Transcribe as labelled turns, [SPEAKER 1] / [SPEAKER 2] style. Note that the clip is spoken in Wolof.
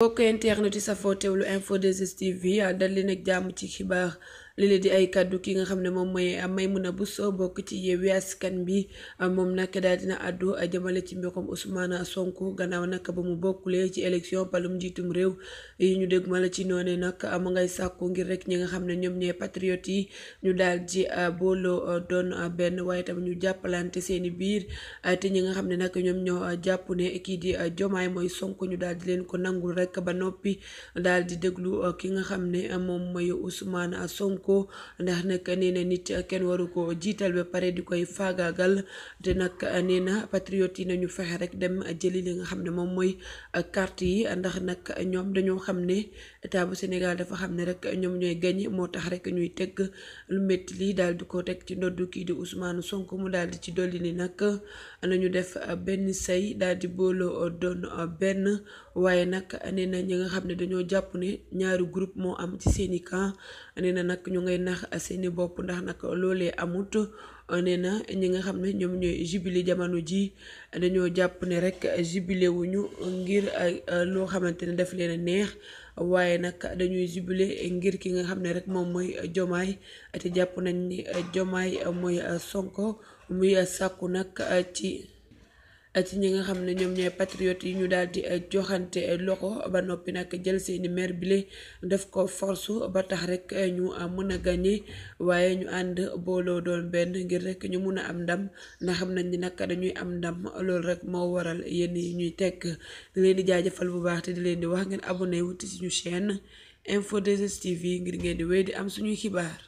[SPEAKER 1] mbokk internet yi safoo teewlu info 2S TV dal leen ak jàmm ci xibaar li la di ay kàddu ki nga xam ne moom mooy Maimouna Bousso bokk a Yewwi Askan Wi moom nag daal dina àddu jëmale ci mbirum Ousmane Sonko gannaaw nag ba mu bokkulee ci élection palum njiitum réew yi ñu dégmal ci noonu nag mu ngay sàkku ngir rek ñi nga xam ne ñoom ñee patriote yi ñu daal ji ah, booloo ah, doon ah, benn waaye tamit ñu jàppalante seeni biir te ñi nga xam ne nag ñoom ñoo jàpp ne kii di Jomaay mooy Sonko ñu daal di leen ko nangul rek ba noppi daal di déglu ki nga xam ne moom mooy Ousmane Sonko ko ndax nag nee na nit kenn waru ko jiital ba pare di koy faagaagal te nag nee na patriote yi nañu fexe rek dem jëli li nga xam ne moom mooy kart yi ndax nag ñoom dañoo xam ne état bu Sénégal dafa xam ne rek ñoom ñooy gañ moo tax rek ñuy teg lu métti lii daal di ko teg ci ndoddu kii di Ousmane Sonko mu daal di ci dolli ni nag nañu def benn say daal di booloo doon benn waaye nag nee na ñi nga xam ne dañoo jàpp ne ñaari groupe moo am ci seeni camp nee ngay nax seeni bopp ndax nag loole amut nee na ñi nga xam ne ñoom ñooy jubilé jamono ji dañoo jàpp ne rek jubilé wuñu ngir eh, loo xamante ne daf leen neex waaye nag dañuy jubilé ngir ki nga xam ne rek moom mooy jomaay ci jàpp nañ ni jomaay mooy sonko muy sàkku nag ci ci ñi nga xam ne ñoom ñooy patriote yi ñu daal di eh, joxante eh, loxo ba noppi nag jël seeni maire bile def ko force ba tax rek eh, ñu mën a gagné waaye ñu ànd booloo doon benn ngir rek ñu mun a am ndam ndax xam nañ ni nag dañuy am ndam loolu rek moo waral yéen yi ñuy tekk di leen di jaajëfal bu baax te di leen di wax ngeen abonné wuti suñu chaîne Info 2S TV ngir ngeen di wéy di am suñuy xibaar.